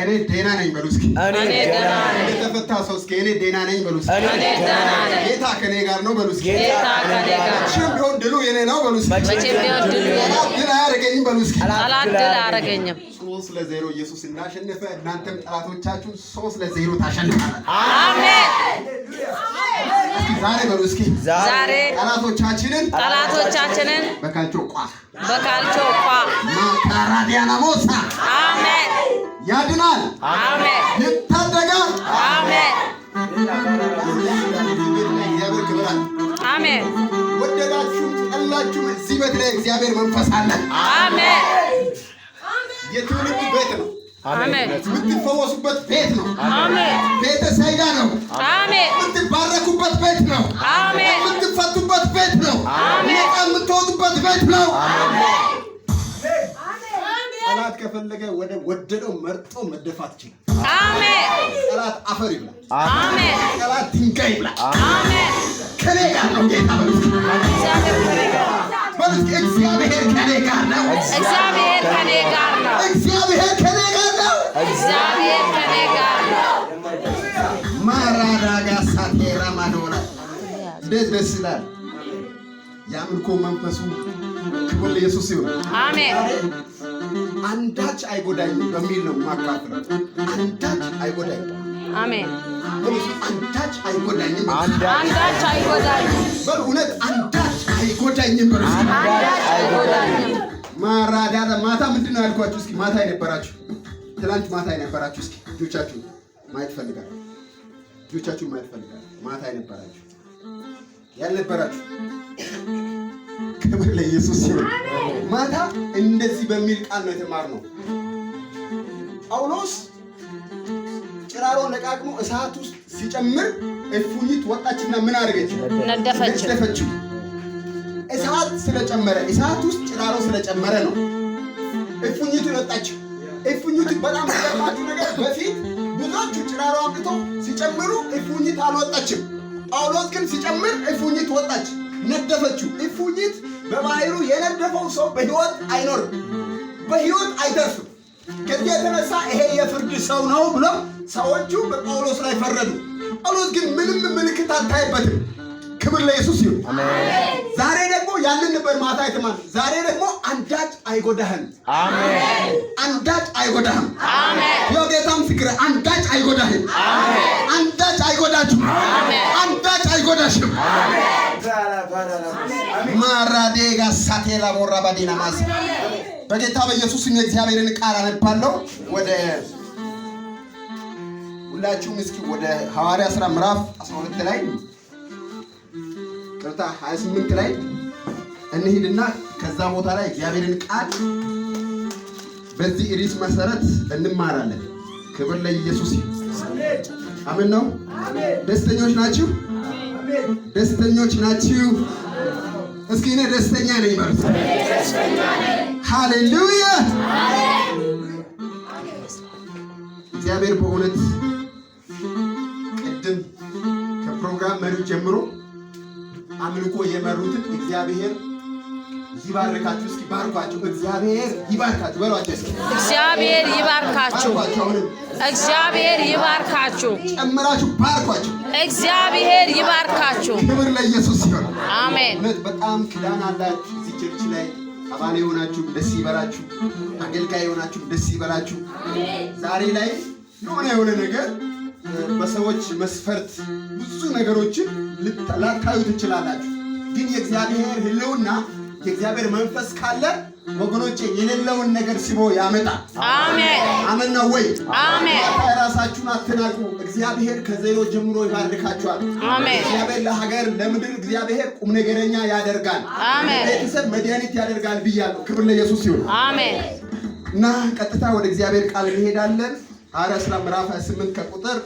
እኔ ደህና ነኝ በሉ እስኪ። የተፈታ ሰው እስኪ እኔ ደህና ነኝ በሉ እስኪ። ጌታ ከኔ ጋር ነው በሉ እስኪ። መቼም ቢሆን ድሉ የኔ ነው በሉ እስኪ። አያደርገኝም በሉ እስኪ። ሶስት ለዜሮ ኢየሱስ እንዳሸነፈ እናንተም ጠላቶቻችሁ ሶስት ለዜሮ ታሸንፋላችሁ። አሜን። ዛሬ በሉ እስኪ ዛሬ ጠላቶቻችንን ጠላቶቻችንን በካልቾ ቋ በካልቾ ቋ ማካራዲያናሞሳ አሜን። ያድናል፣ አሜን። ይታደጋል፣ አሜን። አሜን። ወደዳችሁም ጠላችሁም እዚህ ቤት ላይ እግዚአብሔር መንፈስ አለ። አሜን። የምትፈወሱበት ቤት ነው። ቤተ ሳይዳ ነው። የምትባረኩበት ቤት ነው። የምትፈቱበት ቤት ነው። ነፃ የምትወጡበት ቤት ነው። ጠላት ከፈለገ ወደ ወደደው መርጦ መደፋት ይችላል። ጠላት አፈር ይብላል። ጠላት ድንጋይ ይብላል። ከኔ ጋር ነው ጌታ በሉት። እግዚአብሔር ከኔ ጋር ነው። እግዚአብሔር ከኔ ጋር እንዴት ደስ ይላል! የአምልኮ መንፈሱ ክብር ለኢየሱስ ይሁን። አሜን። አንዳች አይጎዳኝ በሚል ነው ማካፍለው። አንዳች አይጎዳኝ። አሜን። አንዳች አይጎዳኝም። አንዳች በእውነት አንዳች አንዳች ማታ ምንድን ነው ያልኳችሁ? እስኪ ማታ የነበራችሁ ትላንት ማታ የነበራችሁ እስኪ ማየት ፈልጋለሁ። ማየት ፈልጋለሁ። ማታ የነበራችሁ ያልነበራችሁ ክብር ለኢየሱስ ሲሆን ማታ እንደዚህ በሚል ቃል ነው የተማርነው። ጳውሎስ ጭራሮን ነቃቅሞ እሳት ውስጥ ሲጨምር እፉኝት ወጣችና ምን አደረገች? ነደፈችው። እሳት ስለጨመረ እሳት ውስጥ ጭራሮ ስለጨመረ ነው እፉኝቱን ወጣችው። እፉኝቱን በጣም ስለባችሁ ነገር በፊት ብዙዎቹ ጭራሮ አምጥቶ ሲጨምሩ እፉኝት አልወጣችም። ጳውሎስ ግን ሲጨምር እፉኝት ወጣች፣ ነደፈችው። እፉኝት በባሕሩ የነደፈው ሰው በህይወት አይኖርም፣ በህይወት አይተርፍም። ከዚህ የተነሳ ይሄ የፍርድ ሰው ነው ብሎ ሰዎቹ በጳውሎስ ላይ ፈረዱ። ጳውሎስ ግን ምንም ምልክት አታይበትም። ክብር ለኢየሱስ ይሁን። ዛሬ ደግሞ ያንን ነበር ማታ የተማን። ዛሬ ደግሞ አንዳች አይጎዳህም፣ አሜን። አንዳች አይጎዳህም። አሜን። የጌታ ፍቅር አንዳች አይጎዳህም፣ አሜን። አንዳች አይጎዳችሁም። አይጎዳሽም። ማራዴ ጋሳቴ ላሞራ ባዲና ማዝ በጌታ በኢየሱስ ስም የእግዚአብሔርን ቃል አነባለሁ። ወደ ሁላችሁም እስኪ ወደ ሐዋርያ ሥራ ምዕራፍ 12 ላይ ቅርታ 28 ላይ እንሂድና ከዛ ቦታ ላይ እግዚአብሔርን ቃል በዚህ ርዕስ መሰረት እንማራለን። ክብር ለኢየሱስ። አሜን ነው። ደስተኞች ናችሁ? ደስተኞች ናችሁ? እስኪ እኔ ደስተኛ ነኝ ማለት ነው። ሃሌሉያ! እግዚአብሔር በእውነት ቅድም ከፕሮግራም መሪው ጀምሮ አምልኮ የመሩትን እግዚአብሔር ይባርካችሁ። እስኪ ባርኳቸው፣ እግዚአብሔር ይባርካችሁ በሏቸው። እስኪ እግዚአብሔር ይባርካችሁ። እግዚአብሔር ይባርካችሁ። ጨምራችሁ ባርኳችሁ። እግዚአብሔር ይባርካችሁ። ክብር ለኢየሱስ ይሆን። አሜን። በጣም ክዳን አላችሁ። እዚህ ቸርች ላይ አባል የሆናችሁ ደስ ይበላችሁ። አገልጋይ የሆናችሁ ደስ ይበላችሁ። ዛሬ ላይ የሆነ የሆነ ነገር በሰዎች መስፈርት ብዙ ነገሮችን ላታዩ ትችላላችሁ። ግን የእግዚአብሔር ህልውና የእግዚአብሔር መንፈስ ካለ ወገኖቼ የሌለውን ነገር ሲቦ ያመጣል። አሜን አሜን ነው ወይ? አሜን። ራሳችሁን አትናቁ። እግዚአብሔር ከዜሮ ጀምሮ ይባርካችኋል። አሜን። እግዚአብሔር ለሀገር ለምድር እግዚአብሔር ቁም ነገረኛ ያደርጋል። አሜን። ቤተሰብ መድኃኒት ያደርጋል ብያለሁ። ክብር ለኢየሱስ ይሁን። አሜን። እና ቀጥታ ወደ እግዚአብሔር ቃል እንሄዳለን። ሐዋርያት ሥራ ምዕራፍ 28 ከቁጥር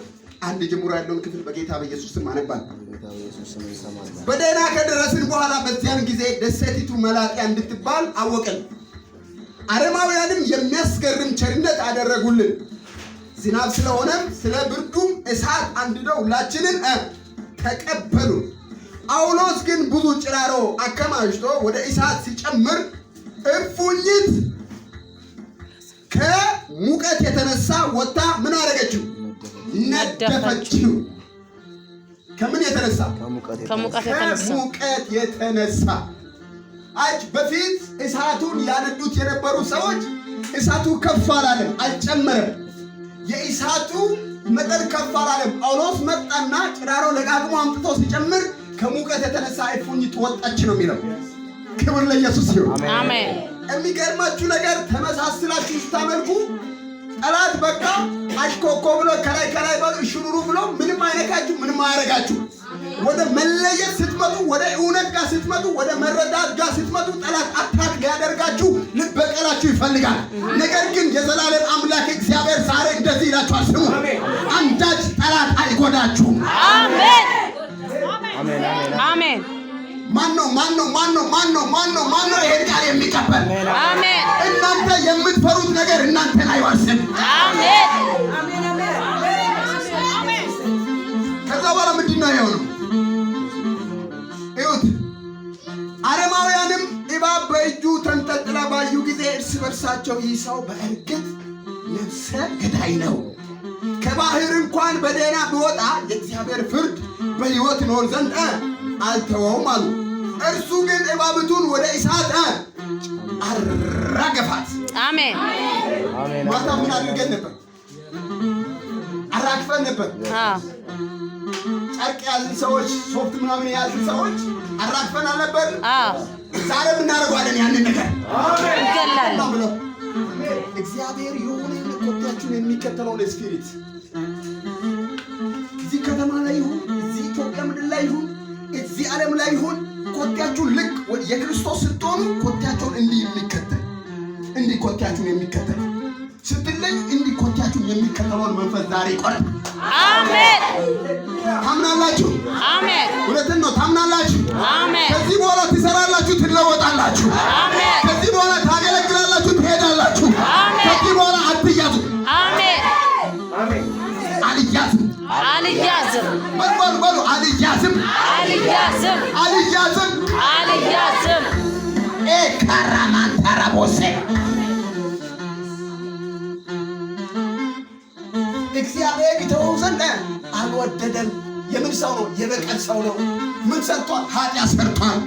አንድ ጀምሮ ያለውን ክፍል በጌታ በኢየሱስ ስም አነባል። በደህና ከደረስን በኋላ በዚያን ጊዜ ደሴቲቱ መላጥያ እንድትባል አወቅን። አረማውያንም የሚያስገርም ቸርነት አደረጉልን። ዝናብ ስለሆነም ስለ ብርዱም እሳት አንድደው ሁላችንን ተቀበሉ። ጳውሎስ ግን ብዙ ጭራሮ አከማችቶ ወደ እሳት ሲጨምር እፉኝት ከሙቀት የተነሳ ወጥታ ምን አደረገችው? ነደፈችው። ከምን የተነሳ? ከሙቀት የተነሳ። አጭ በፊት እሳቱን ያነዱት የነበሩ ሰዎች እሳቱ ከፍ አላለም፣ አልጨመረም። የእሳቱ መጠን ከፍ አላለም። ጳውሎስ መጣና ጭራሮ ለቃቅሞ አምጥቶ ሲጨምር ከሙቀት የተነሳ እፉኝት ወጣች ነው የሚለው። ክብር ለኢየሱስ ይሁን። አሜን። የሚገርማችሁ ነገር ተመሳስላችሁ ስታመልኩ ጠላት በቃ አሽኮኮ ብሎ ሽሩሩ ብለው ምንም አይነካችሁ፣ ምንም አያረጋችሁ። ወደ መለየት ስትመጡ፣ ወደ እውነት ጋር ስትመጡ፣ ወደ መረዳት ጋር ስትመጡ ጠላት አታክ ሊያደርጋችሁ ልበቀላችሁ ይፈልጋል። ነገር ግን የዘላለም አምላክ እግዚአብሔር ዛሬ እንደዚህ ይላችኋል፣ ስሙ፣ አንዳች ጠላት አይጎዳችሁም። አሜን። ማነው ማነው ማነው ማነው ማነው ማነው ይሄን ቃል የሚቀበል? እናንተ የምትፈሩት ነገር እናንተን አይዋርስም። እርሳቸው ይህ ሰው በእርግጥ ነፍሰ ገዳይ ነው፣ ከባህር እንኳን በደህና ቢወጣ የእግዚአብሔር ፍርድ በሕይወት ይኖር ዘንድ አልተወውም አሉ። እርሱ ግን እባብቱን ወደ እሳት አራገፋት። አሜን። ማታ ምን አድርገን ነበር? አራግፈን ነበር። ጨርቅ ያዝን ሰዎች፣ ሶፍት ምናምን ያዝን ሰዎች አራግፈን አልነበር? ዛሬ እናደርገዋለን ያንን ነገር ይገላል ብሎ እግዚአብሔር የሆነ ኮታችሁን የሚከተለውን ስፒሪት እዚህ ከተማ ላይ ይሁን እዚህ ኢትዮጵያ ምድር ላይ ይሁን እዚህ ዓለም ላይ ይሁን ኮቴያችሁን ልክ የክርስቶስ ስትሆኑ ኮቴያችሁን እንዲህ የሚከተል እንዲህ ኮቴያችሁን የሚከተል ስትለይ እንዲኮቻችሁ የሚከተለውን መንፈስ ዛሬ ይቆርጥ። አሜን። ታምናላችሁ? አሜን። እውነትን ነው። ታምናላችሁ? አሜን። ከዚህ በኋላ ትሰራላችሁ፣ ትለወጣላችሁ። አሜን። ከዚህ በኋላ ታገለግላላችሁ፣ ትሄዳላችሁ። አሜን። ከዚህ በኋላ አትያዙ። አሜን። አሜን። አልያዝም፣ አልያዝም፣ በሉ በሉ፣ አልያዝም፣ አልያዝም፣ አልያዝም አብያም ይተወው ዘንድ አልወደደም። የምን ሰው ነው? የበቀል ሰው ነው። ምን ሰርቷል? ኃጢአት ሰርቷል።